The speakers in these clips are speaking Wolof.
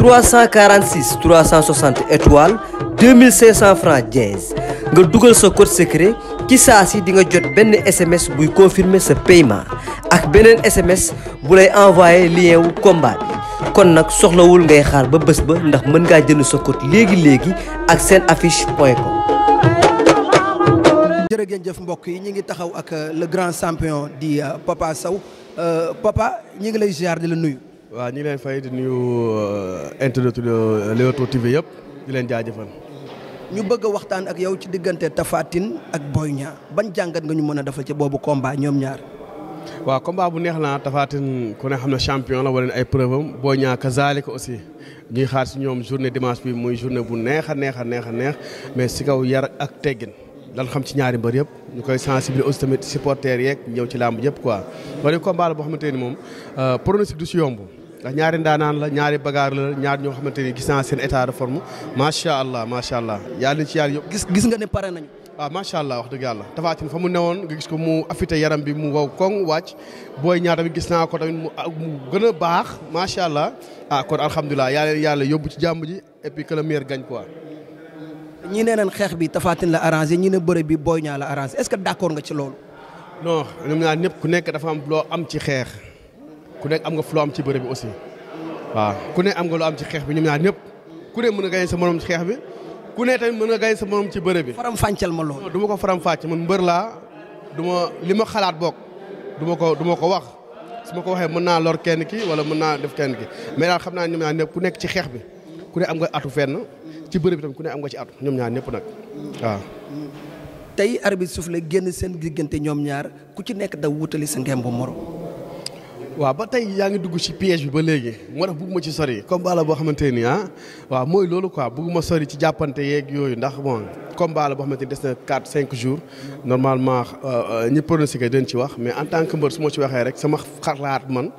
346 360 étoiles 2500 francs dièse nga dugal sa code secret ci saa si di nga jot benn SMS buy confirmer sa paiement ak beneen SMS bu lay envoyer lien wu combat kon nag soxlawul ngay xaar ba bés ba ndax mën ngaa jënd sa code léegi-léegi ak seen affiche point com jëf mbokk yi ñu ngi taxaw ak le grand champion di euh, Papa Sow euh, Papa ñu ngi lay ziar di la nuyu waaw ñi ngi leen fay di nuyu euh, internet euh, Leewtoo TV yëpp di leen jaajëfal. ñu bëgg a waxtaan ak yow ci diggante tafaatin ak Boy Niang ban jàngat nga ñu mën a defal ci boobu combat ñoom ñaar. waaw combat bu neex la Tapha ku ne xam ne champion la wala ay preuve am Boy Niang kazaalika aussi ñuy xaar si ñoom journée dimanche bi muy journée bu neex a neex neex neex mais si kaw yar ak teggin. lan xam ci ñaari mbër yëpp ñu koy sensibiliser aussi tamit supporters yeeg ñëw ci làmb yëpp quoi. wala combat la boo xamante ni moom euh, pronostic du si yomb. ndax ñaari ndaanaan la ñaari bagaar la ñaar ñoo xamante ni gis naa seen état de forme macha allah macha allah yàlla ci yàlla yëpp. gis nga ne pare nañu. waaw ah, macha allah wax dëgg yàlla fa mu newoon nga gis ko mu affité yaram bi mu wow koŋ wàcc booy ñaar tamit gis naa ko tamit mu gën a baax macha allah ah kon alhamdulilah yàlla yàlla yóbbu ci jàmm ji et puis que le meilleur gagne quoi. ñii nee nañ xeex bi Tapha Tine la arrangé ñii ne bëre bi Boy Niang la arrangé est-ce nga ci loolu. non ñoom ñëpp ku nekk dafa am loo am ci xeex. ku nekk am nga fu am ci bëre bi aussi waaw ku ne am nga loo am ci xeex bi ñoom ñaar ñëpp ku ne mën nga sa morom xeex bi ku ne mën nga gañ sa morom ci bëre bi. faram fàcceel ma loolu. du ko faram fàcce man mbër laa du li ma xalaat bokk du ko du ko wax su ma ko waxee mën naa lor kenn ki wala mën naa def kenn ki mais xam naa ñoom ñaar ñëpp ku nekk ci xeex bi ku ne am nga atu fenn ci bëre bi ku ne am nga ci atu ñoom ñaar ñëpp nag waaw. tey suuf la génn seen diggante ñoom ñaar ku ci nekk da wutali sa ngemb moroom waaw ba tey yaa ngi dugg ci piège bi ba léegi moo tax ma ci sori combat boo xamante ni ah waaw mooy loolu quoi ma sori ci jàppante yeeg yooyu ndax bon combat boo xamante ni des na 4 5 jours normalement euh, euh, ñi pronostiqué dañ ci wax mais en tant que mbër su ma ci waxee sama xalaat man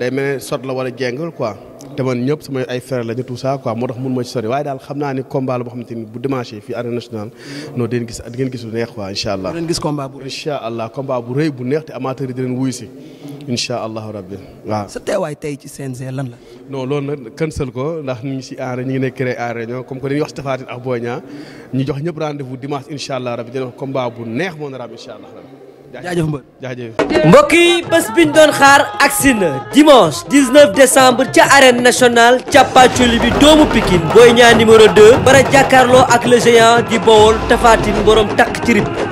day mel ne sot la wala jéngal quoi. te man ñëpp sama ay frère la moo tax mun ma ci sori waaye daal xam naa ni combat la boo xamante ni bu dimanche fii arène nationale non dinañ gis dinañ gis lu neex quoi incha allah. dinañ bu rëy bu rëy bu neex te amateur yi dinañ wuyu si. incha allahu rabbi waaw. sa teewaay tey ci CNG lan la. non loolu nag cancel ko ndax ñu ngi si aar e, ñu ngi nekk créé aar réunion e comme que dañuy wax si Tapha ak Boy Niang ñu jox ñëpp rendez-vous dimanche incha allah rabbi dina combat bu neex moo a am incha allah rabbi. jaajëf mbër jaajëf mbokk yi biñ doon xaar agsi na dimanche 19 décembre ca arène nationale càppaaculi bi doomu Pikine Boy Niang numéro 2 bara ak le di Bawol Tapha Tine takk ci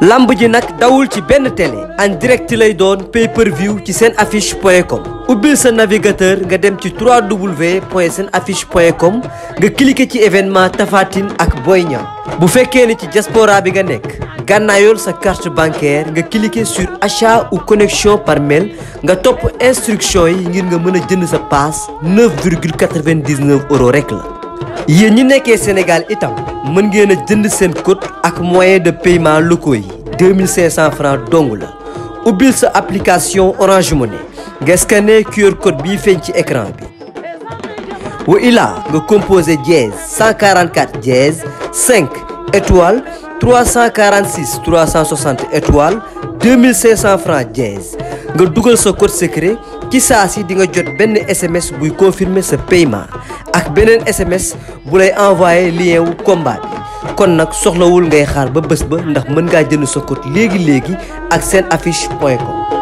lamb ji nag dawul ci benn télé en direct lay doon pay per view ci seen affiche point com ubbil sa navigateur nga dem ci 3w point seen affiche point com nga cliqué ci événement Tafatine ak Boy Niang bu fekkee ni ci jaspora bi nga nekk gànnaayool sa carte bancaire nga cliqué sur achat ou connexion par mail nga topp instruction yi ngir nga mën a jënd sa paas 9,99 euros rek la yéen ñi nekkee Sénégal itam mën ngeen a jënd seen code ak moyen de paiement locaux yi 2500 francs dong la ubbil sa application Orange Money nga scanné QR code bii feeñ ci écran bi wa ilaa nga composé dièse 144 dièse 5 étoile 346 360 étoile 2500 francs dièse nga dugal sa code secret ci saa si di nga jot benn SMS buy confirmer sa paiement beneen SMS bu lay envoyé lien wu combat kon nag soxlawul ngay xaar ba bés ba ndax mën ngaa jënd sa code léegi léegi ak seen affiche point